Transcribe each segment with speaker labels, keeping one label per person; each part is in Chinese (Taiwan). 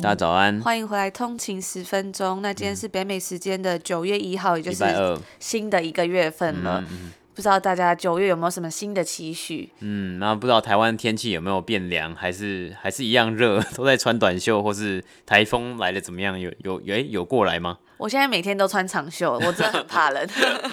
Speaker 1: 大
Speaker 2: 家早安，歡
Speaker 1: 迎回來通勤十分鐘。那今天是北美時間的九月一號，嗯、也就是新的一個月份了。嗯、不知道大家九月有沒有什麼新的期許？
Speaker 2: 嗯，那不知道台灣天氣有沒有變涼，還是還是一樣熱，都在穿短袖，或是台風來的怎麼樣？有有有誒，有過來嗎？
Speaker 1: 我現在每天都穿長袖，我真的很怕冷。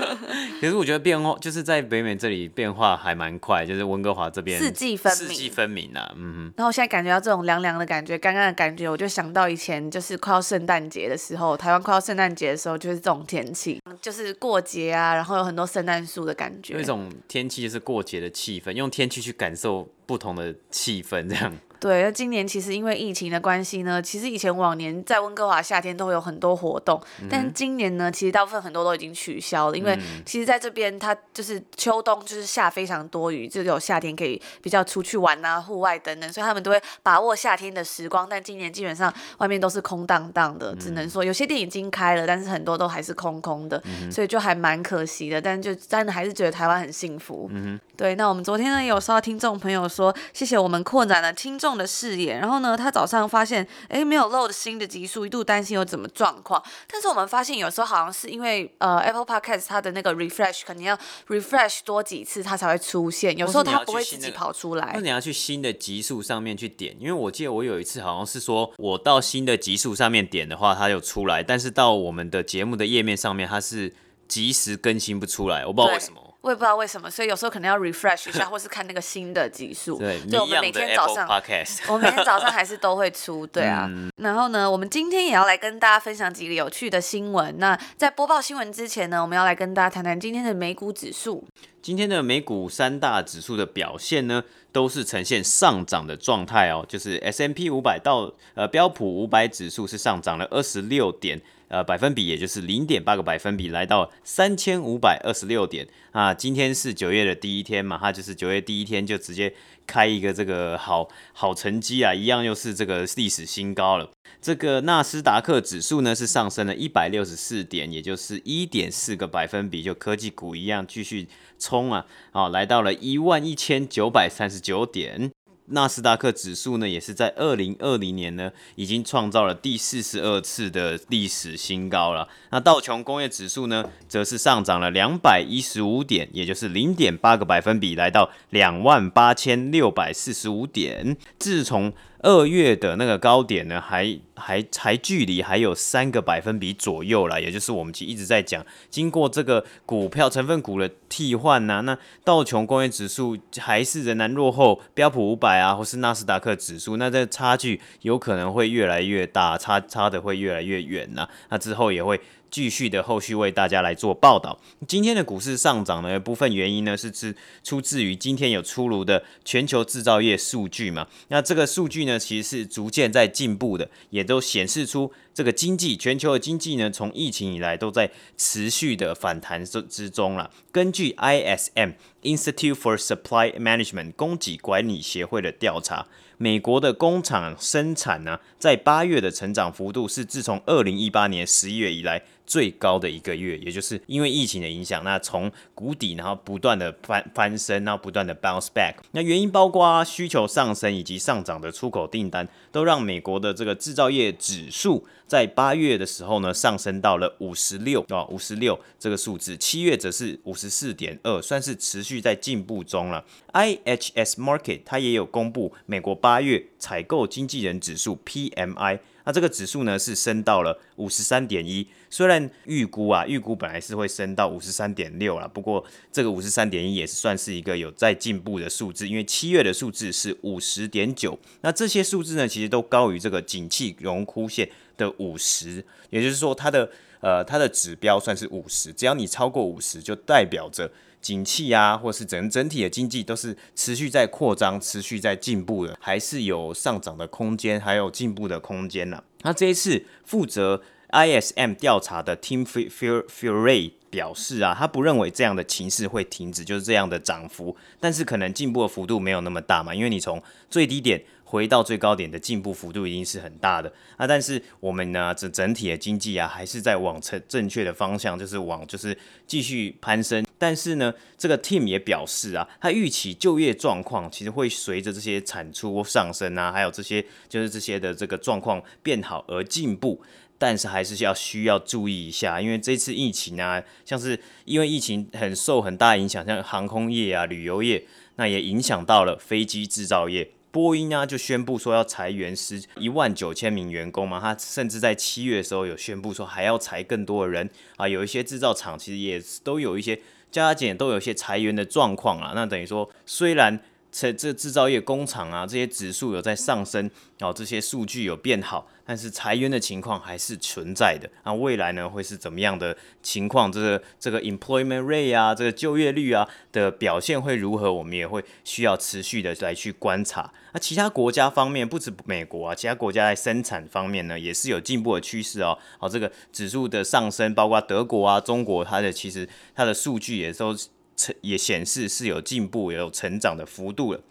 Speaker 2: 可是我覺得變化就是在北美這裡變化還蠻快，就是溫哥華這邊四季分明，四季分明啊，嗯哼。
Speaker 1: 然後現在感覺到這種涼涼的感覺，剛剛的感覺，我就想到以前就是快要聖誕節的時候，台灣快要聖誕節的時候就是這種天氣，就是過節啊，然後有很多聖誕樹的感覺，有一種
Speaker 2: 天氣就是過節的氣氛，用天氣去感受不同的氣氛，這樣。嗯
Speaker 1: 對，那今年其實因為疫情的關係呢，其實以前往年在溫哥華夏天都會有很多活動，但今年呢，其實大部分很多都已經取消了，因為其實在這邊它就是秋冬就是下非常多雨，就有夏天可以比較出去玩啊，戶外等等，所以他們都會把握夏天的時光。但今年基本上外面都是空蕩蕩的，只能說有些店已經開了，但是很多都還是空空的，所以就還蠻可惜的。但就真的還是覺得台灣很幸福。嗯對，那我們昨天呢有收到聽眾朋友說，謝謝我們擴展的聽眾。重的視野，然後呢，他早上發現，哎，沒有 load 的新的集數，一度擔心有怎麼狀況。但是我們發現，有時候好像是因為呃，Apple Podcast 它的那個 refresh，肯定要 refresh 多幾次，它才會出現。有時候它不會自己跑出來。
Speaker 2: 那你要去新的集數上面去點，因為我記得我有一次好像是說我到新的集數上面點的話，它就出來，但是到我們的節目的頁面上面，它是及時更新不出來，我不知道為什麼。
Speaker 1: 我也不知道為什麼，所以有時候可能要 refresh 一下， 或是看那個新的集數。對，一樣的 Apple Podcast。我們每天早上還是都會出，對啊。嗯、然後呢，我們今天也要來跟大家分享幾個有趣的新聞。那在播報新聞之前呢，我們要來跟大家談談今天的美股指數。
Speaker 2: 今天的美股三大指數的表現呢，都是呈現上漲的狀態哦，就是 S&P 五百到呃標普五百指數是上漲了二十六點。呃，百分比也就是零點八個百分比，來到三千五百二十六點啊。今天是九月的第一天嘛，它就是九月第一天就直接開一個這個好好成績啊，一樣又是這個歷史新高了。這個納斯達克指數呢是上升了一百六十四點，也就是一點四個百分比，就科技股一樣繼續衝啊啊，來到了一萬一千九百三十九點。納斯達克指數呢，也是在二零二零年呢，已經創造了第四十二次的歷史新高了。那道瓊工業指數呢，則是上漲了兩百一十五點，也就是零點八個百分比，來到兩萬八千六百四十五點。自從二月的那個高點呢，還還還距離還有三個百分比左右啦。也就是我們其實一直在講，經過這個股票成分股的替換呢、啊，那道瓊工業指數還是仍然落後標普五百啊，或是納斯達克指數，那這差距有可能會越來越大，差差的會越來越遠吶、啊，那之後也會。繼續的後續為大家來做報道今天的股市上漲呢，部分原因呢是出出自於今天有出爐的全球製造業數據嘛。那這個數據呢，其實是逐漸在進步的，也都顯示出這個經濟全球的經濟呢，從疫情以來都在持續的反彈之之中了。根據 ISM，Institute for Supply Management，供給管理協會的調查，美國的工廠生產呢，在八月的成長幅度是自從二零一八年十一月以來。最高的一個月，也就是因為疫情的影響，那從谷底然後不斷的翻翻身，然後不斷的 bounce back。那原因包括啊，需求上升以及上漲的出口訂單，都讓美國的這個制造業指數在八月的時候呢上升到了五十六啊，五十六這個數字，七月則是五十四點二，算是持續在進步中了。IHS Market 它也有公布美國八月採購經紀人指數 PMI。PM I, 那這個指數呢是升到了五十三點一，雖然預估啊預估本來是會升到五十三點六啦，不過這個五十三點一也是算是一個有在進步的數字，因為七月的數字是五十點九，那這些數字呢其實都高於這個景氣榮枯線的五十，也就是說它的呃它的指標算是五十，只要你超過五十就代表着。景氣啊，或是整整體的經濟都是持續在擴張、持續在進步的，還是有上漲的空間，還有進步的空間呢、啊？那、啊、這一次負責 ISM 調查的 Tim Fury 表示啊，他不認為這樣的情勢會停止，就是這樣的漲幅，但是可能進步的幅度沒有那麼大嘛，因為你從最低點回到最高點的進步幅度已經是很大的啊。但是我們呢，這整體的經濟啊，還是在往正正確的方向，就是往就是繼續攀升。但是呢，這個 team 也表示啊，他預期就業狀況其實會隨着這些產出或上升啊，還有這些就是這些的這個狀況變好而進步。但是還是需要需要注意一下，因為這次疫情啊，像是因為疫情很受很大影響，像航空業啊、旅遊業，那也影響到了飛機製造業。波音啊就宣布說要裁員是一萬九千名員工嘛，他甚至在七月的時候有宣布說還要裁更多的人啊。有一些製造廠其實也都有一些。加減都有些裁員的狀況啊，那等於說雖然。這這製造業工廠啊，這些指數有在上升，然後，哦，這些數據有變好，但是裁員的情況還是存在的。那、啊、未來呢，會是怎麼樣的情況？這個這個 employment rate 啊，這個就業率啊的表現會如何？我們也會需要持續的來去觀察。那、啊、其他國家方面，不止美國啊，其他國家在生產方面呢，也是有進步的趨勢哦。好、哦，這個指數的上升，包括德國啊、中國它的其實它的數據也都成也顯示是有進步，有成長的幅度了。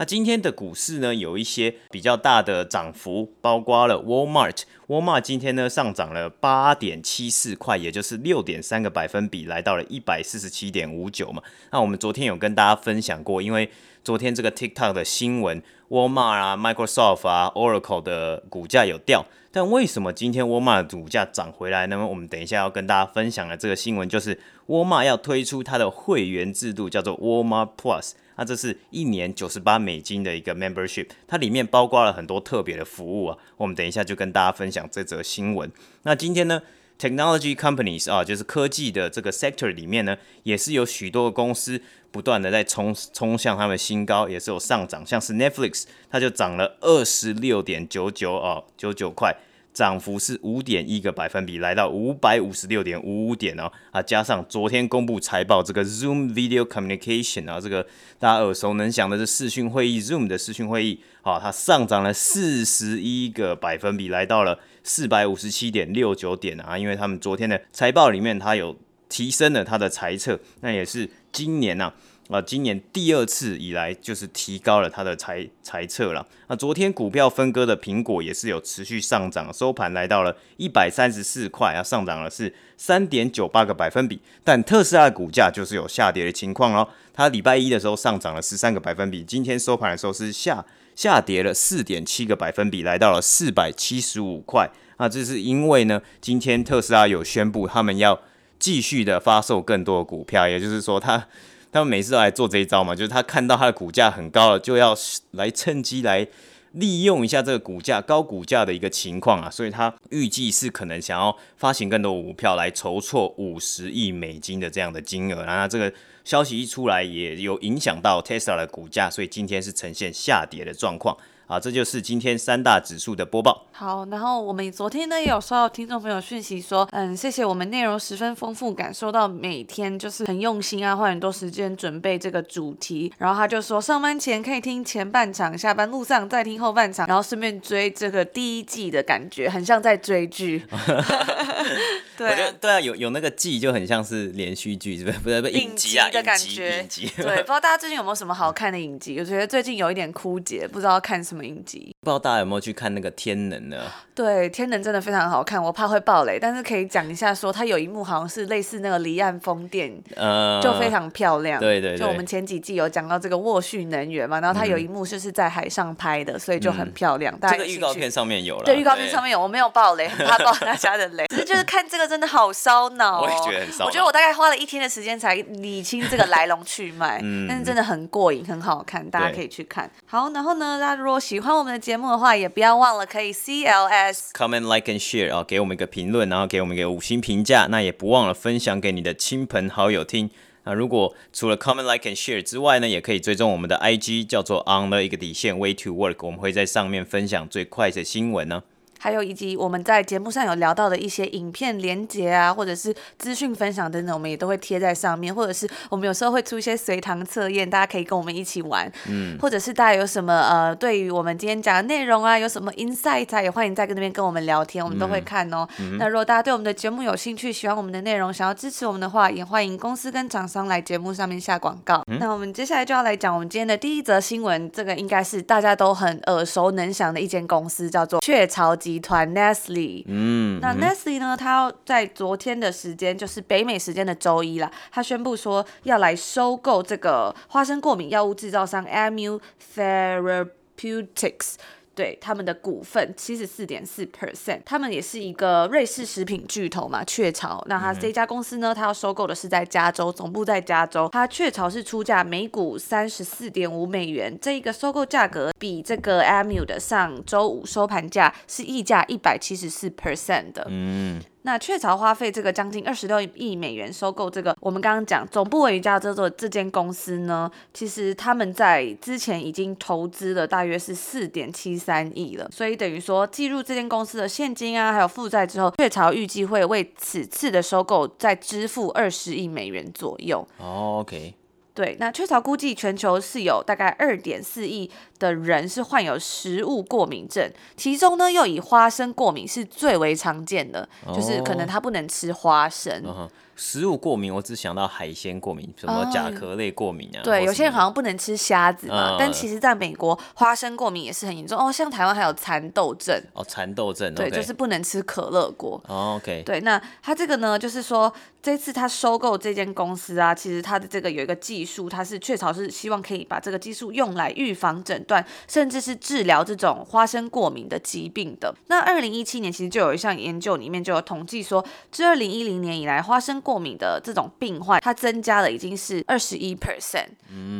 Speaker 2: 那今天的股市呢，有一些比較大的漲幅，包括了 Walmart。Walmart 今天呢，上漲了八點七四塊，也就是六點三個百分比，來到了一百四十七點五九嘛。那我們昨天有跟大家分享過，因為昨天這個 TikTok 的新聞，Walmart 啊、Microsoft 啊、Oracle 的股價有掉，但為什麼今天 Walmart 的股價漲回來？那麼我們等一下要跟大家分享的這個新聞，就是 Walmart 要推出它的會員制度，叫做 Walmart Plus。那，啊，這是一年九十八美金的一個 membership，它裡面包括了很多特別的服務啊。我們等一下就跟大家分享這則新聞。那今天呢，technology companies 啊，就是科技的這個 sector 裡面呢，也是有許多的公司不斷的在衝衝向他們新高，也是有上漲。像是 Netflix，它就漲了二十六點九九哦，九九塊。漲幅是五點一個百分比，來到五百五十六點五五點哦啊，加上昨天公布財報，這個 Zoom Video Communication 啊，這個大家耳熟能詳的這視訊會議 Zoom 的視訊會議，啊，它上漲了四十一個百分比，來到了四百五十七點六九點啊，因為他們昨天的財報裡面，它有提升了它的財測，那也是今年吶、啊。呃、今年第二次以來就是提高了它的財財策了。啊，那昨天股票分割的蘋果也是有持續上漲，收盤來到了一百三十四塊，啊，上漲了是三點九八個百分比。但特斯拉的股價就是有下跌的情況嘍、哦。它禮拜一的時候上漲了十三個百分比，今天收盤的時候是下下跌了四點七個百分比，來到了四百七十五塊。啊，這是因為呢，今天特斯拉有宣布他們要繼續的發售更多的股票，也就是說它。他們每次都來做這一招嘛，就是他看到他的股價很高了，就要來趁機來利用一下這個股價高股價的一個情況啊，所以他預計是可能想要發行更多股票來籌措五十億美金的這樣的金額，然後這個消息一出來也有影響到 Tesla 的股價，所以今天是呈現下跌的狀況。好、啊，這就是今天三大指數的播報。
Speaker 1: 好，然後我們昨天呢也有收到聽眾朋友訊息說，嗯，謝謝我們內容十分豐富感，感受到每天就是很用心啊，花很多時間準備這個主題。然後他就說，上班前可以聽前半場，下班路上再聽後半場，然後順便追這個第一季的感覺，很像在追劇。
Speaker 2: 對、啊，對啊，有有那個季就很像是連續劇，是不是？不是，影集啊，影集的感覺，影集，影集。對，不知
Speaker 1: 道大家最近有沒有什麼好看的影集？ 我覺得最近有一點枯竭，不知道看什麼。影集，不
Speaker 2: 知道大家有沒有去看那個天能呢？
Speaker 1: 對，天能真的非常好看，我怕會爆雷，但是可以講一下，說它有一幕好像是類似那個離岸風電，嗯，
Speaker 2: 就非常
Speaker 1: 漂亮。對對，就我們前幾季有講到這個沃旭能源嘛，然後它有一幕就是在海上拍的，所以就很漂亮。這個預告
Speaker 2: 片上面有了，對，預告片上面
Speaker 1: 有，我沒有爆雷，很怕爆大家的雷。只是就是看這個真的好燒腦，我也覺得很燒。我覺得我大概花了一天的時間才理清這個來龍去脈，嗯，但是真的很過癮，很好看，大家可以去看。好，然後呢，大家如果喜歡我們的節目的話，也不要忘了可以 C L S
Speaker 2: comment like and share 啊，給我們一個評論，然後給我們一個五星評價。那也不忘了分享給你的親朋好友聽。那如果除了 comment like and share 之外呢，也可以追蹤我們的 I G 叫做 on the 一個底線 way to work，我們會在上面分享最快的新聞呢、啊。
Speaker 1: 還有以及我們在節目上有聊到的一些影片連結啊，或者是資訊分享等等，我們也都會貼在上面。或者是我們有時候會出一些隨堂測驗，大家可以跟我們一起玩。嗯。或者是大家有什麼呃，對於我們今天講的內容啊，有什麼 insight 啊，也歡迎在那邊跟我們聊天，我們都會看哦。喔。嗯。嗯。那如果大家對我們的節目有興趣，喜歡我們的內容，想要支持我們的話，也歡迎公司跟廠商來節目上面下廣告。嗯。那我們接下來就要來講我們今天的第一則新聞，這個應該是大家都很耳熟能詳的一間公司，叫做雀巢集集團 Nestle，嗯，那 Nestle 呢？它、嗯、在昨天的時間，就是北美時間的周一啦，它宣布說要來收購這個花生過敏藥物製造商、嗯、Aimmune Therapeutics。對他們的股份七十四點四 percent，他們也是一個瑞士食品巨頭嘛，雀巢。那他這家公司呢，他要收購的是在加州，總部在加州。他雀巢是出價每股三十四點五美元，這一個收購價格比這個 Aimmune 的上周五收盤價是溢價一百七十四 percent 的。嗯。那雀巢花費這個將近二十六億美元收購這個我們剛剛講總部位於加州的這間公司呢，其實他們在之前已經投資了大約是四點七三億了，所以等於說計入這間公司的現金啊，還有負債之後，雀巢預計會為此次的收購再支付二十億美元左右。哦，OK，對，那雀巢估計全球是有大概二點四億。的人是患有食物過敏症，其中呢又以花生過敏是最為常見的，oh, 就是可能他不能吃花生。Uh
Speaker 2: huh. 食物過敏，我只想到海鮮過敏，什麼甲殼類過敏啊。Uh, 對，有些
Speaker 1: 人好像不能吃蝦子嘛，uh uh. 但其實在美國花生過敏也是很嚴重哦。Oh, 像台灣還有蠶豆症哦，
Speaker 2: 蠶豆症，oh, 豆症對，Okay. 就是不
Speaker 1: 能吃可樂果。
Speaker 2: Oh, OK，對，
Speaker 1: 那他這個呢，就是說這次他收購這間公司啊，其實他的這個有一個技術，他是雀巢是希望可以把這個技術用來預防症甚至是治療這種花生過敏的疾病的。那二零一七年其實就有一項研究，裡面就有統計說，自二零一零年以來，花生過敏的這種病患，它增加了已經是二十一 percent，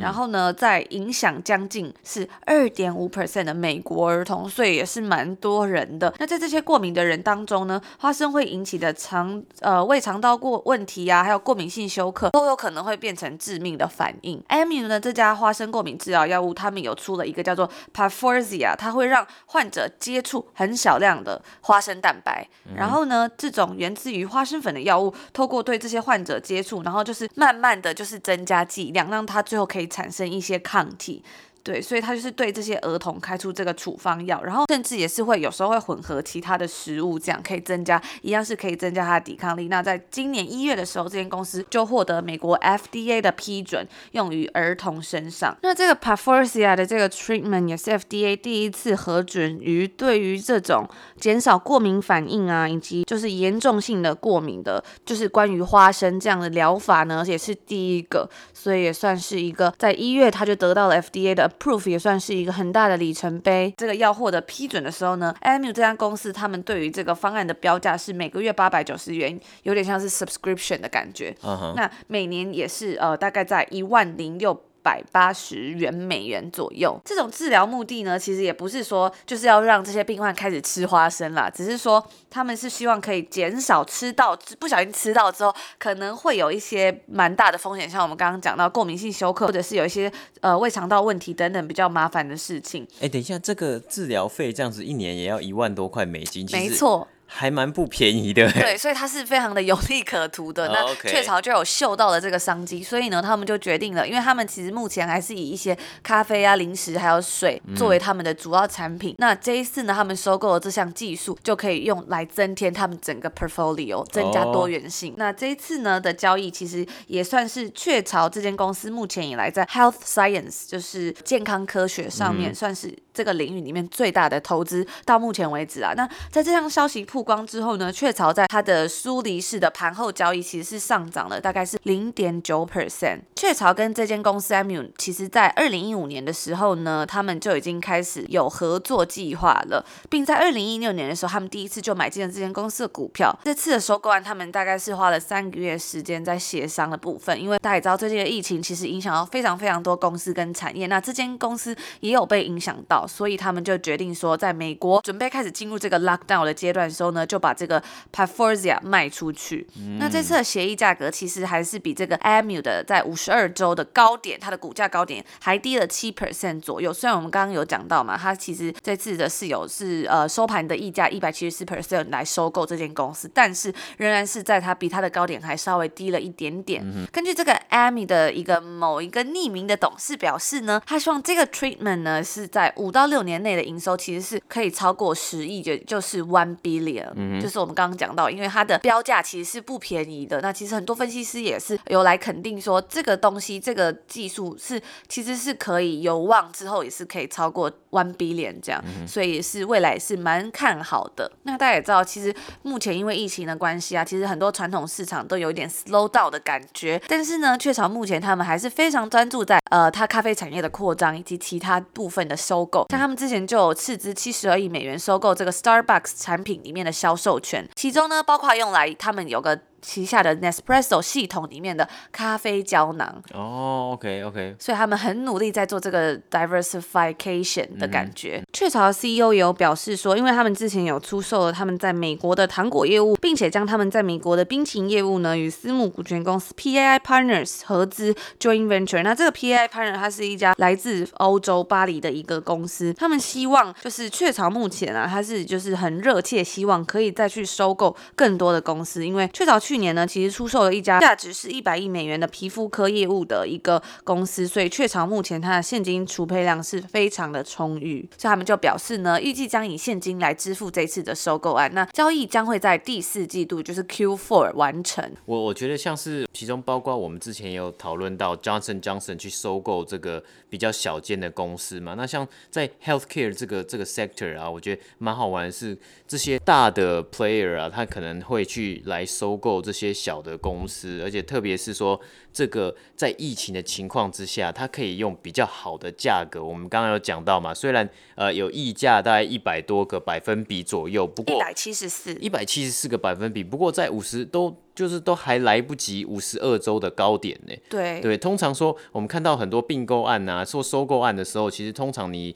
Speaker 1: 然後呢，在影響將近是二點五 percent 的美國兒童，所以也是蠻多人的。那在這些過敏的人當中呢，花生會引起的腸呃胃腸道過問題啊，還有過敏性休克，都有可能會變成致命的反應。Aimmune 呢，這家花生過敏治療藥物，他們有出了一個。叫做 Palforzia 它會讓患者接觸很小量的花生蛋白，嗯、然後呢，這種源自於花生粉的藥物，透過對這些患者接觸，然後就是慢慢的就是增加劑量，讓它最後可以產生一些抗體。對，所以他就是對這些兒童開出這個處方藥，然後甚至也是會有時候會混合其他的食物，這樣可以增加，一樣是可以增加他的抵抗力。那在今年一月的時候，這間公司就獲得美國 F D A 的批准，用於兒童身上。那這個 Palforzia 的這個 treatment 也是 F D A 第一次核准於對於這種減少過敏反應啊，以及就是嚴重性的過敏的，就是關於花生這樣的療法呢，也是第一個，所以也算是一個在一月他就得到了 F D A 的。Proof 也算是一個很大的里程碑。這個要獲得批准的時候呢，Aimmune 這家公司他們對於這個方案的標價是每個月八百九十元，有點像是 subscription 的感覺。Uh huh. 那每年也是呃大概在一萬零六。百八十元美元左右。這種治療目的呢，其實也不是說就是要讓這些病患開始吃花生啦，只是說他們是希望可以減少吃到，不小心吃到之後，可能會有一些蠻大的風險，像我們剛剛講到過敏性休克，或者是有一些呃胃腸道問題等等比較麻煩的事情。哎、
Speaker 2: 欸，等一下，這個治療費這樣子一年也要一萬多塊美金？其實沒錯。還蠻不便宜的，對，
Speaker 1: 所以它是非常的有利可圖的。Oh, okay. 那雀巢就有嗅到了這個商機，所以呢，他們就決定了，因為他們其實目前還是以一些咖啡啊、零食還有水作為他們的主要產品。嗯、那這一次呢，他們收購了這項技術，就可以用來增添他們整個 portfolio，增加多元性。Oh. 那這一次呢的交易，其實也算是雀巢這間公司目前以來在 health science，就是健康科學上面，嗯、算是這個領域裡面最大的投資。到目前為止啊，那在這項消息鋪曝光之後呢，雀巢在它的蘇黎世的盤後交易其實是上漲了，大概是零點九 percent。雀巢跟這間公司 Aimmune，其實在二零一五年的時候呢，他們就已經開始有合作計劃了，並在二零一六年的時候，他們第一次就買進了這間公司的股票。這次的收購案，他們大概是花了三個月時間在協商的部分，因為大家也知道最近的疫情其實影響到非常非常多公司跟產業，那這間公司也有被影響到，所以他們就決定說，在美國準備開始進入這個 lockdown 的階段的時候。呢，就把這個 Palforzia 賣出去。那這次的協議價格其實還是比這個 Aimmune 的在五十二周的高點，它的股價高點還低了七 percent 左右。雖然我們剛剛有講到嘛，它其實這次的是有是呃收盤的溢價一百七十四 percent 來收購這間公司，但是仍然是在它比它的高點還稍微低了一點點。嗯、哼根據這個 Aimmune 的一個某一個匿名的董事表示呢，他希望這個 treatment 呢是在五到六年內的營收其實是可以超過十億就就是 one billion。嗯，yeah, mm hmm. 就是我們剛剛講到，因為它的標價其實是不便宜的。那其實很多分析師也是有來肯定說，這個東西這個技術是其實是可以有望之後也是可以超過 one billion 這樣，mm hmm. 所以是未來是蠻看好的。那大家也知道，其實目前因為疫情的關係啊，其實很多傳統市場都有一點 slow down 的感覺。但是呢，雀巢目前他們還是非常專注在呃它咖啡產業的擴張以及其他部分的收購。Mm hmm. 像他們之前就有斥資七十二億美元收購這個 Starbucks 產品裡面的銷售權，其中呢，包括用來他們有個。旗下的 Nespresso 系統裡面的咖啡膠囊哦。Oh, OK OK，所以他們很努力在做這個 diversification 的感覺。Mm hmm. 雀巢的 CEO 也有表示說，因為他們之前有出售了他們在美國的糖果業務，並且將他們在美國的冰淇淋業務呢與私募股權公司 PAI Partners 合資 join venture。那這個 PAI Partners 它是一家來自歐洲巴黎的一個公司，他們希望就是雀巢目前啊，它是就是很熱切希望可以再去收購更多的公司，因為雀巢。去年呢，其實出售了一家價值是一百億美元的皮膚科業務的一個公司，所以雀巢目前它的現金儲備量是非常的充裕，所以他們就表示呢，預計將以現金來支付這次的收購案，那交易將會在第四季度，就是 Q4 完成。
Speaker 2: 我我覺得像是其中包括我們之前也有討論到 Johnson Johnson 去收購這個比較小間的公司嘛，那像在 Healthcare 這個這個 sector 啊，我覺得蠻好玩的是這些大的 player 啊，他可能會去來收購。這些小的公司，而且特別是說，這個在疫情的情況之下，它可以用比較好的價格。我們剛剛有講到嘛，雖然呃有溢價大概一百多個百分比左右，不過一百七十四，一百七十四個百分比，不過在五十都就是都還來不及五十二周的高點呢。對對，通常說我們看到很多併購案啊，說收購案的時候，其實通常你。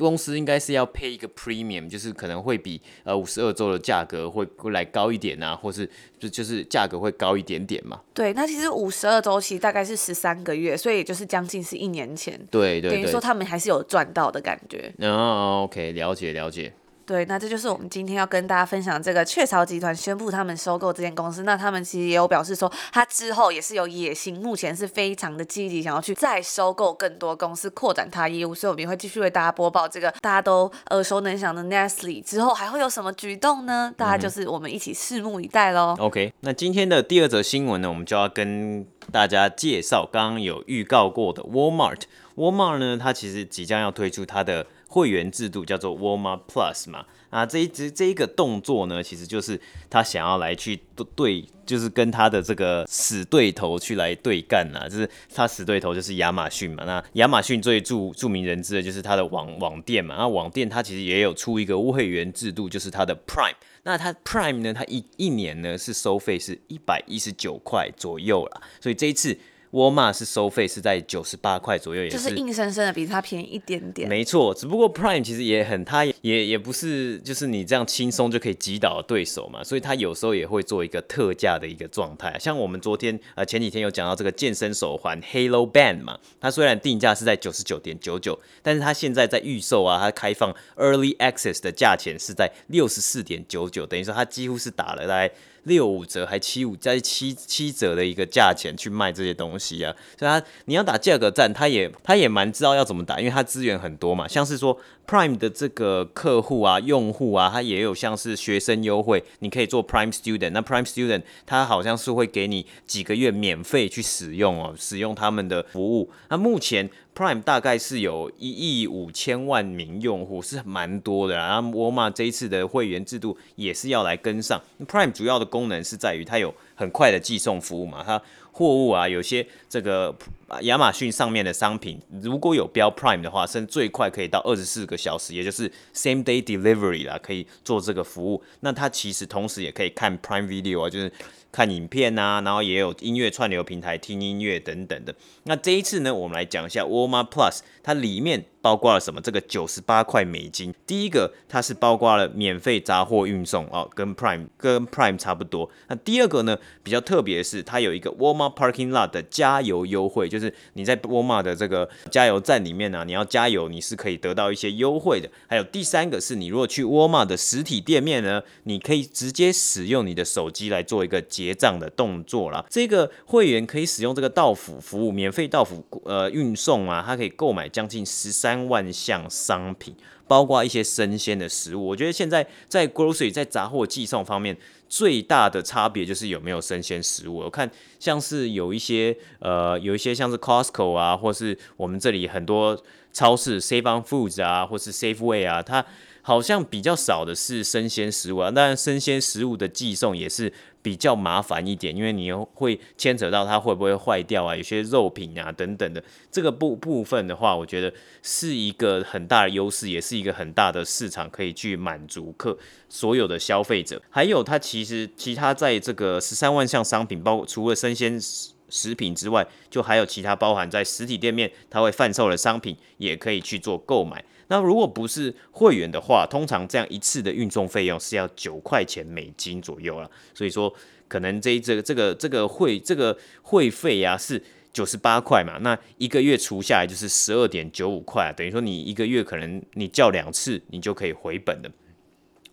Speaker 2: 公司應該是要 pay 一個 premium，就是可能會比呃五十二周的價格會來高一點啊，或是就就是價格會高一點點嘛。
Speaker 1: 對，那其實五十二周期大概是十三個月，所以也就是將近是一年前。對
Speaker 2: 對對。等於說他
Speaker 1: 們還是有賺到的感覺。
Speaker 2: 哦，OK，了解了解。
Speaker 1: 對，那這就是我們今天要跟大家分享的這個雀巢集團宣布他們收購這間公司。那他們其實也有表示說，他之後也是有野心，目前是非常的積極，想要去再收購更多公司，擴展他業務。所以我們也會繼續為大家播報這個大家都耳熟能詳的 Nestle 之後還會有什麼舉動呢？大家就是我們一起拭目以待嘍。
Speaker 2: OK，那今天的第二則新聞呢，我們就要跟大家介紹剛剛有預告過的 Walmart。Walmart 呢，它其實即將要推出它的。會員制度叫做 Walmart Plus 嘛，啊，這一這一個動作呢，其實就是他想要來去對，就是跟他的這個死對頭去來對幹吶，就是他死對頭就是亞馬遜嘛，那亞馬遜最著著名人知的就是他的網網店嘛，啊，網店它其實也有出一個會員制度，就是它的 Prime，那它 Prime 呢，它一一年呢是收費是一百一十九塊左右啦，所以這一次，沃爾瑪是收費是在九十八塊左右，也就是硬
Speaker 1: 生生的比它便宜一點點。
Speaker 2: 沒錯，只不過 Prime 其實也很，它也也不是，就是你這樣輕鬆就可以擊倒對手嘛，所以它有時候也會做一個特價的一個狀態。啊。像我們昨天呃前幾天有講到這個健身手環 Halo Band 嘛，它雖然定價是在九十九點九九，但是它現在在預售啊，它開放 Early Access 的價錢是在六十四點九九，等於說它幾乎是打了大概六五折，還七五在七七折的一個價錢去賣這些東西。啊，所以他你要打價格戰，他也他也蠻知道要怎麼打，因為他資源很多嘛，像是說 Prime 的這個客戶啊、用戶啊，他也有像是學生優惠，你可以做 Prime Student，那 Prime Student 他好像是會給你幾個月免費去使用哦，使用他們的服務。那目前 Prime 大概是有一億五千萬名用戶，是蠻多的啊。然後沃爾瑪這一次的會員制度也是要來跟上。Prime 主要的功能是在於它有很快的寄送服務嘛，它。貨物啊，有些這個。亞馬遜上面的商品如果有標 Prime 的話，甚至最快可以到二十四個小時，也就是 Same Day Delivery 啦，可以做這個服務。那它其實同時也可以看 Prime Video 啊，就是看影片啊，然後也有音樂串流平台聽音樂等等的。那這一次呢，我們來講一下 Walmart Plus，它裡面包括了什麼？這個九十八塊美金，第一個它是包括了免費雜貨運送啊、哦，跟 Prime 跟 Prime 差不多。那第二個呢，比較特別的是它有一個 Walmart Parking Lot 的加油優惠，就就是，你在沃爾瑪的這個加油站裡面呢、啊，你要加油，你是可以得到一些優惠的。還有第三個是，你如果去沃爾瑪的實體店面呢，你可以直接使用你的手機來做一個結賬的動作啦。這個會員可以使用這個到府服務，免費到府呃運送啊，它可以購買將近十三萬項商品，包括一些生鮮的食物。我覺得現在在 grocery 在雜貨寄送方面。最大的差別就是有沒有生鮮食物。我看像是有一些呃，有一些像是 Costco 啊，或是我們這裡很多超市 Save On Foods 啊，或是 Safeway 啊，它好像比較少的是生鮮食物啊，但生鮮食物的寄送也是。比較麻煩一點，因為你會牽扯到它會不會壞掉啊，有些肉品啊等等的。這個部部分的話，我覺得是一個很大的優勢，也是一個很大的市場可以去滿足客所有的消費者。還有它其實其他在這個十三萬項商品，包括除了生鮮食食品之外，就還有其他包含在實體店面它會販售的商品，也可以去做購買。那如果不是會員的話，通常這樣一次的運送費用是要九塊錢美金左右啦。所以說，可能這這這個這個會這個會費啊是九十八塊嘛，那一個月除下來就是十二點九五塊啊，等於說你一個月可能你叫兩次，你就可以回本了。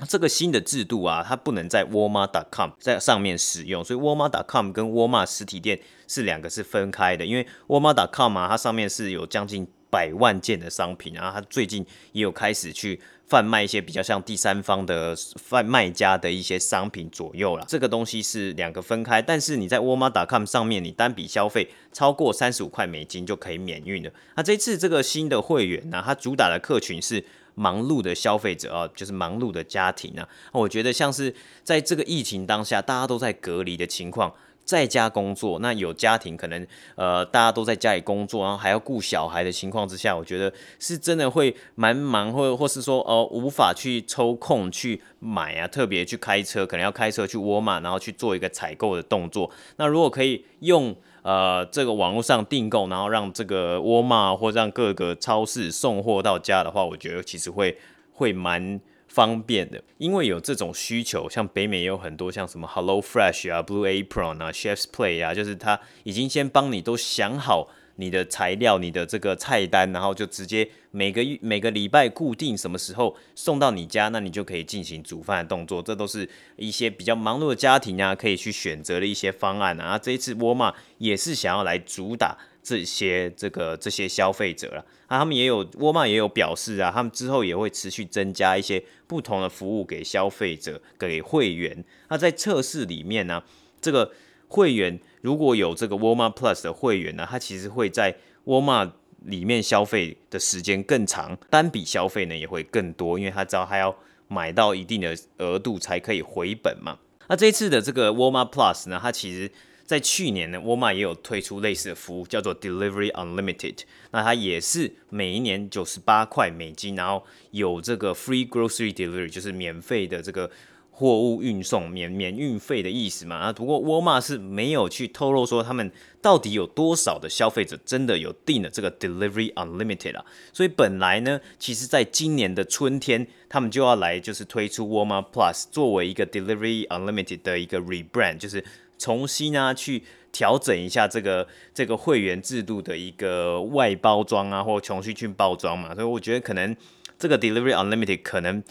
Speaker 2: 這個新的制度啊，它不能在沃爾瑪 .com 在上面使用，所以沃爾瑪 .com 跟沃爾瑪實體店是兩個是分開的，因為沃爾瑪 .com 啊，它上面是有將近。百萬件的商品，啊，然後他最近也有開始去販賣一些比較像第三方的賣賣家的一些商品左右了。這個東西是兩個分開，但是你在 Walmart.com 上面，你單筆消費超過三十五塊美金就可以免運了。那，啊，這次這個新的會員呢，啊，它主打的客群是忙碌的消費者啊，就是忙碌的家庭啊。我覺得像是在這個疫情當下，大家都在隔離的情況。在家工作，那有家庭可能，呃，大家都在家裡工作，然後還要顧小孩的情況之下，我覺得是真的會蠻忙，或或是說，呃，無法去抽空去買啊，特別去開車，可能要開車去沃爾瑪，然後去做一個採購的動作。那如果可以用，呃，這個網絡上訂購，然後讓這個沃爾瑪或讓各個超市送貨到家的話，我覺得其實會會蠻。方便的，因為有這種需求，像北美也有很多像什麼 Hello Fresh 啊、Blue Apron 啊、Chef's Play 啊，就是他已經先幫你都想好你的材料、你的這個菜單，然後就直接每個月每個禮拜固定什麼時候送到你家，那你就可以進行煮飯的動作。這都是一些比較忙碌的家庭啊，可以去選擇的一些方案啊。啊這一次沃爾瑪也是想要來主打。這些這個這些消費者了，那、啊、他們也有 Walmart 也有表示啊，他們之後也會持續增加一些不同的服務給消費者、給會員。那、啊、在測試裡面呢，這個會員如果有這個 Walmart Plus 的會員呢，他其實會在 Walmart 裡面消費的時間更長，單筆消費呢也會更多，因為他知道他要買到一定的額度才可以回本嘛。那、啊、這一次的這個 Walmart Plus 呢，他其實。在去年呢，Walmart 也有推出類似的服務，叫做 Delivery Unlimited。那它也是每一年98塊美金，然後有這個 free grocery delivery，就是免費的這個貨物運送，免免運費的意思嘛。啊，不過 Walmart 是沒有去透露說他們到底有多少的消費者真的有訂了這個 Delivery Unlimited 啊。所以本來呢，其實在今年的春天，他們就要來就是推出 Walmart Plus 作為一個 Delivery Unlimited 的一個 rebrand，就是。重新呢、啊、去調整一下這個這個會員制度的一個外包裝啊，或重新去包裝嘛，所以我覺得可能這個 Delivery Unlimited 可能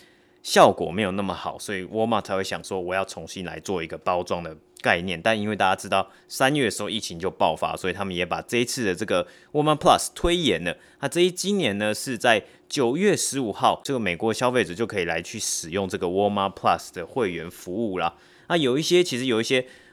Speaker 2: 效果沒有那麼好，所以 Walmart 才會想說我要重新來做一個包裝的概念。但因為大家知道三月的時候疫情就爆發，所以他們也把這一次的這個 Walmart Plus 推延了。那、啊、這一今年呢是在九月十五號，這個美國消費者就可以來去使用這個 Walmart Plus 的會員服務了。那、啊、有一些其實有一些。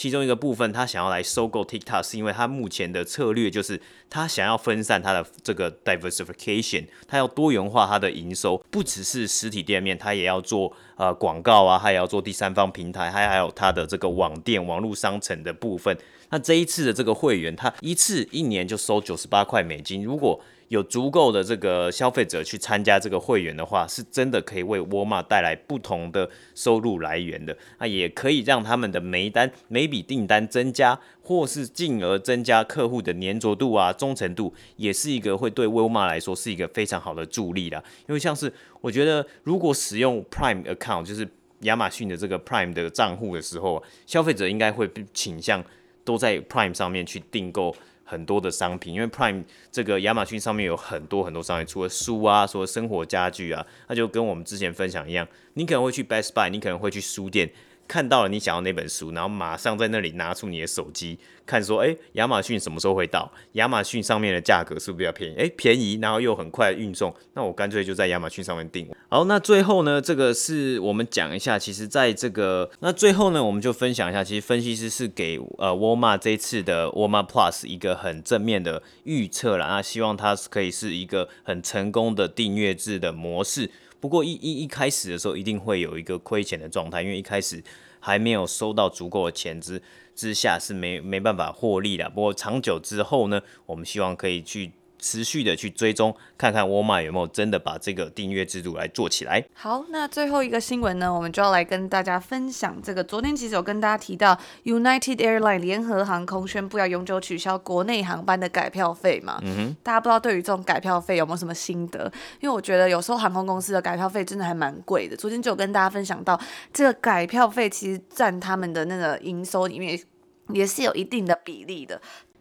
Speaker 2: 其中一個部分，他想要來收購 TikTok，是因為他目前的策略就是他想要分散他的這個 diversification，他要多元化他的營收，不只是實體店面，他也要做呃廣告啊，他也要做第三方平台，還還有他的這個網店、網絡商城的部分。那這一次的這個會員，他一次一年就收九十八塊美金，如果有足夠的這個消費者去參加這個會員的話，是真的可以為沃爾瑪帶來不同的收入來源的。那也可以讓他們的每單每筆訂單增加，或是進而增加客戶的粘着度啊、忠誠度，也是一個會對沃爾瑪來說是一個非常好的助力啦。因為像是我覺得，如果使用 Prime Account，就是亞馬遜的這個 Prime 的賬戶的時候，消費者應該會傾向都在 Prime 上面去訂購。很多的商品，因為 Prime 這個亞馬遜上面有很多很多商品，除了書啊，除了生活家具啊，那就跟我們之前分享一樣，你可能會去 Best Buy，你可能會去書店。看到了你想要那本書，然後馬上在那裡拿出你的手機看，說，哎、欸，亞馬遜什麼時候會到？亞馬遜上面的價格是不是比較便宜？哎、欸，便宜，然後又很快運送，那我乾脆就在亞馬遜上面訂。好，那最後呢，這個是我們講一下，其實在這個那最後呢，我們就分享一下，其實分析師是給呃 Walmart 這一次的 Walmart Plus 一個很正面的預測啦。那希望它可以是一個很成功的訂閱制的模式。不過一一一開始的時候，一定會有一個虧錢的狀態，因為一開始還沒有收到足夠的錢之之下，是沒沒辦法獲利的。不過長久之後呢，我們希望可以去。持續的去追蹤，看看沃爾瑪有沒有真的把這個訂閱制度來做起來。
Speaker 1: 好，那最後一個新聞呢，我們就要來跟大家分享這個。昨天其實有跟大家提到，United Airlines 聯合航空宣布要永久取消國內航班的改票費嘛？嗯哼。大家不知道對於這種改票費有沒有什麼心得？因為我覺得有時候航空公司的改票費真的還蠻貴的。昨天就有跟大家分享到，這個改票費其實佔他們的那個營收裡面也是有一定的比例的。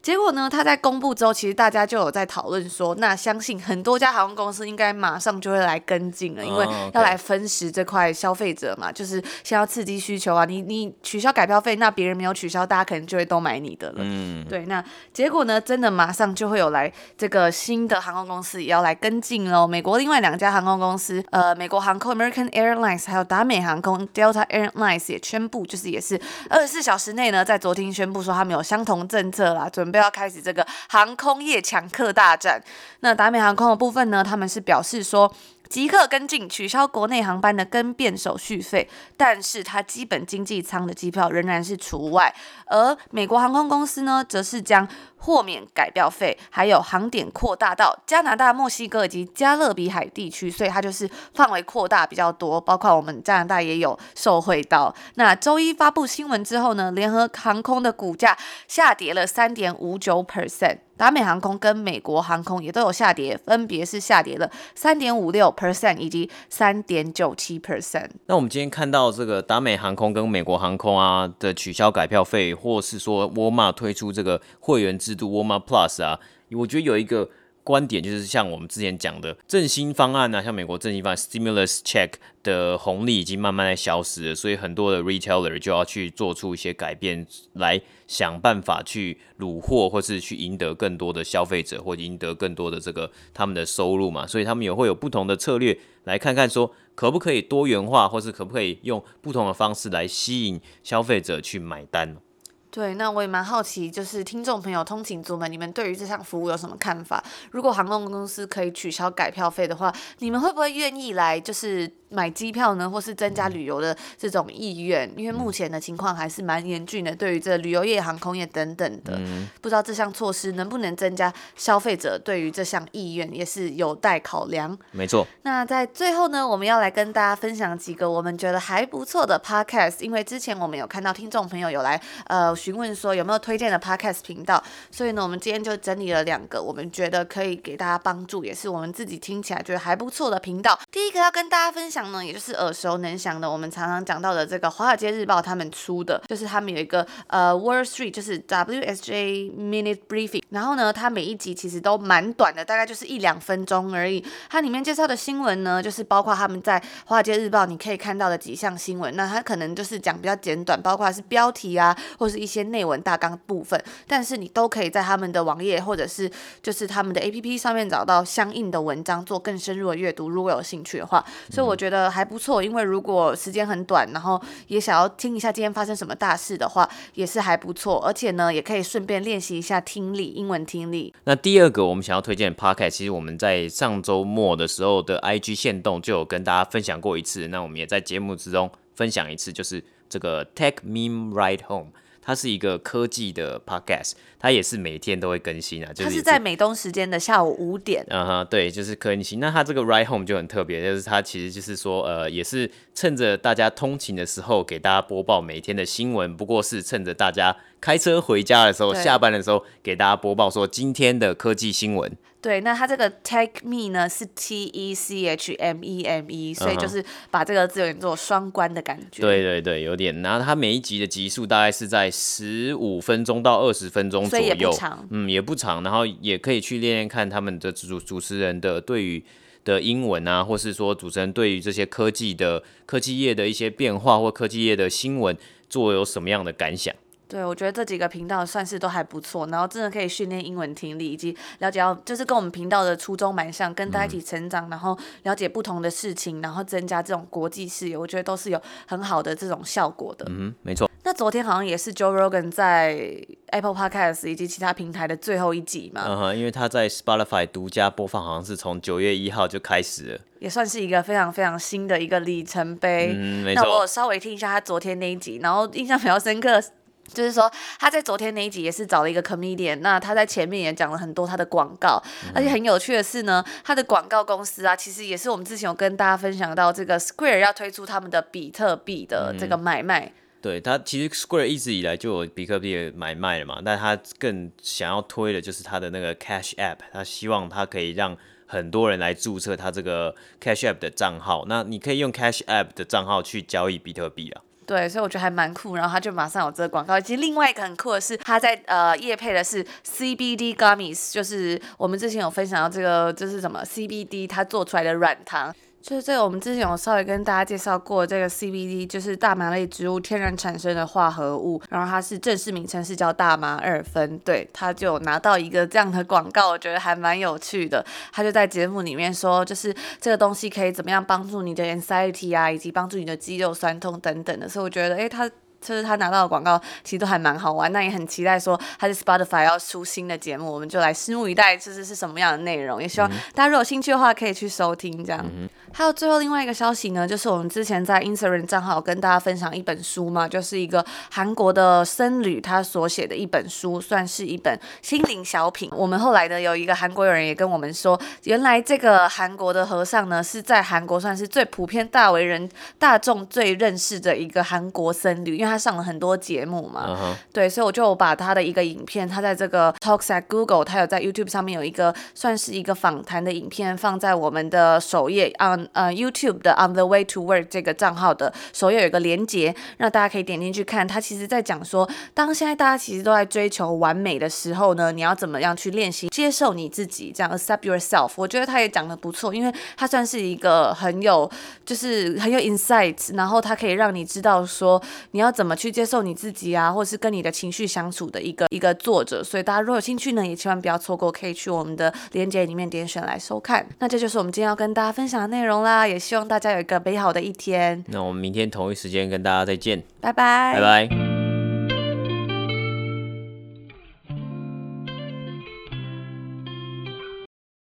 Speaker 1: 結果呢？他在公布之後，其實大家就有在討論說，那相信很多家航空公司應該馬上就會來跟進了，因為要來分食這塊消費者嘛，oh, okay. 就是先要刺激需求啊。你你取消改票費，那別人沒有取消，大家可能就會都買你的了。嗯，mm. 對。那結果呢？真的馬上就會有來這個新的航空公司也要來跟進咯。美國另外兩家航空公司，呃，美國航空 American Airlines 還有達美航空 Delta Air Lines 也宣布，就是也是二十四小時內呢，在昨天宣布說他們有相同政策啦，準備。要開始這個航空業搶客大戰，那達美航空的部分呢，他們是表示說。即刻跟進取消國內航班的更變手續費，但是它基本經濟艙的機票仍然是除外。而美國航空公司呢，則是將豁免改票費，還有航點擴大到加拿大、墨西哥以及加勒比海地區，所以它就是範圍擴大比較多，包括我們加拿大也有受惠到。那周一發布新聞之後呢，聯合航空的股價下跌了三點五九 percent。達美航空跟美國航空也都有下跌，分別是下跌了三點五六 percent 以及三點九七 percent。
Speaker 2: 那我們今天看到這個達美航空跟美國航空啊的取消改票費，或是說 Walmart 推出這個會員制度，Walmart Plus 啊，我覺得有一個。觀點就是像我們之前講的振興方案啊，像美國振興方案 stimulus check 的紅利已經慢慢在消失了，所以很多的 retailer 就要去做出一些改變，來想辦法去擄獲或是去贏得更多的消費者，或贏得更多的這個他們的收入嘛，所以他們也會有不同的策略，來看看說可不可以多元化，或是可不可以用不同的方式來吸引消費者去買單。
Speaker 1: 對，那我也蠻好奇，就是聽眾朋友、通勤族們，你們對於這項服務有什麼看法？如果航空公司可以取消改票費的話，你們會不會願意來？就是。買機票呢，或是增加旅遊的這種意願，嗯、因為目前的情況還是蠻嚴峻的，對於這旅遊業、航空業等等的，嗯、不知道這項措施能不能增加消費者對於這項意願，也是有待考量。沒錯。那在最後呢，我們要來跟大家分享幾個我們覺得還不錯的 podcast，因為之前我們有看到聽眾朋友有來呃詢問說有沒有推薦的 podcast 頻道，所以呢，我們今天就整理了兩個我們覺得可以給大家幫助，也是我們自己聽起來覺得還不錯的頻道。第一個要跟大家分享。呢，也就是耳熟能詳的，我們常常講到的這個《華爾街日報》他們出的，就是他們有一個呃，Wall Street 就是 WSJ Minute Briefing。然後呢，它每一集其實都蠻短的，大概就是一兩分鐘而已。它裡面介紹的新聞呢，就是包括他們在《華爾街日報》你可以看到的幾項新聞。那它可能就是講比較簡短，包括是標題啊，或是一些內文大綱部分。但是你都可以在他們的網頁或者是就是他們的 APP 上面找到相應的文章做更深入的閱讀，如果有興趣的話。所以我覺得。覺得還不錯，因為如果時間很短，然後也想要聽一下今天發生什麼大事的話，也是還不錯。而且呢，也可以順便練習一下聽力，英文聽力。
Speaker 2: 那第二個我們想要推薦的 podcast，其實我們在上周末的時候的 IG 限動就有跟大家分享過一次，那我們也在節目之中分享一次，就是這個 Techmeme Ride Home。它是一個科技的 podcast，它也是每天都會更新啊。它、就是、是，是在
Speaker 1: 美東時間的下午五點。
Speaker 2: 嗯哼、uh，huh, 對，就是更新。那它這個 ride home 就很特別，就是它其實就是說，呃，也是趁着大家通勤的時候，給大家播報每天的新聞，不過是趁着大家開車回家的時候、對下班的時候，給大家播報說今天的科技新聞。
Speaker 1: 對，那他這個 Techmeme 呢，是 T E C H M E M E，、uh huh. 所以就是把這個字有點做雙關的感覺。
Speaker 2: 對對對，有點。然後他每一集的集數大概是在十五分鐘到二十分鐘左右，所以也不長。嗯，也不長。然後也可以去練練看他們的主主持人，的對於的英文啊，或是說主持人對於這些科技的科技業的一些變化或科技業的新聞，做有什麼樣的感想。
Speaker 1: 對，我覺得這幾個頻道算是都還不錯，然後真的可以訓練英文聽力，以及了解到就是跟我們頻道的初衷蠻像，跟大家一起成長，嗯、然後了解不同的事情，然後增加這種國際視野，我覺得都是有很好的這種效果的。嗯哼，沒錯。那昨天好像也是 Joe Rogan 在 Apple Podcast 以及其他平台的最後一集嘛？嗯
Speaker 2: 哼，因為他在 Spotify 獨家播放，好像是從九月一號就開始了。
Speaker 1: 也算是一個非常非常新的一個里程碑。嗯，沒錯。那我有稍微聽一下他昨天那一集，然後印象比較深刻。就是說，他在昨天那一集也是找了一個 comedian。那他在前面也講了很多他的廣告，嗯、哼而且很有趣的是呢，他的廣告公司啊，其實也是我們之前有跟大家分享到，這個 Square 要推出他們的比特幣的這個買賣。嗯、
Speaker 2: 對，他其實 Square 一直以來就有比特幣買賣了嘛，但他更想要推的就是他的那個 Cash App，他希望他可以讓很多人來注冊他這個 Cash App 的賬號。那你可以用 Cash App 的賬號去交易比特幣啊。
Speaker 1: 對，所以我覺得還蠻酷，然後他就馬上有這個廣告。其實另外一個很酷的是，他在呃業配的是 CBD gummies，就是我們之前有分享到這個，這、就是什麼 CBD，他做出來的軟糖。就是這個，我們之前有稍微跟大家介紹過，這個 CBD 就是大麻類植物天然產生的化合物，然後它是正式名稱是叫大麻二酚。對，他就拿到一個這樣的廣告，我覺得還蠻有趣的。他就在節目裡面說，就是這個東西可以怎麼樣幫助你的 anxiety 啊，以及幫助你的肌肉痠痛等等的。所以我覺得，哎，他就是他拿到的廣告，其實都還蠻好玩。那也很期待說，他的 Spotify 要出新的節目，我們就來拭目以待，這次是什麼樣的內容？也希望大家如果有興趣的話，可以去收聽這樣。還有最後另外一個消息呢，就是我們之前在 Instagram 賬號有跟大家分享一本書嘛，就是一個韓國的僧侶他所寫的一本書，算是一本心靈小品。我們後來呢，有一個韓國友人也跟我們說，原來這個韓國的和尚呢，是在韓國算是最普遍大為人大眾最認識的一個韓國僧侶，因為他上了很多節目嘛。Uh huh. 對，所以我就把他的一個影片，他在這個 Talks at Google，他有在 YouTube 上面有一個算是一個訪談的影片，放在我們的首頁啊。Uh huh. 呃，YouTube 的 On the Way to Work 這個賬號的所有，有一個連接，讓大家可以點進去看。他其實在講說，當現在大家其實都在追求完美的時候呢，你要怎麼樣去練習接受你自己，這樣 accept yourself。我覺得他也講得不錯，因為他算是一個很有，就是很有 insights，然後他可以讓你知道說你要怎麼去接受你自己啊，或者是跟你的情緒相處的一個一個作者。所以大家如果有興趣呢，也千萬不要錯過，可以去我們的鏈接裡面點選來收看。那這就是我們今天要跟大家分享的內容。容啦，也希望大家有一個美好的一天。
Speaker 2: 那我們明天同一時間跟大家再見，
Speaker 1: 拜拜，拜
Speaker 2: 拜。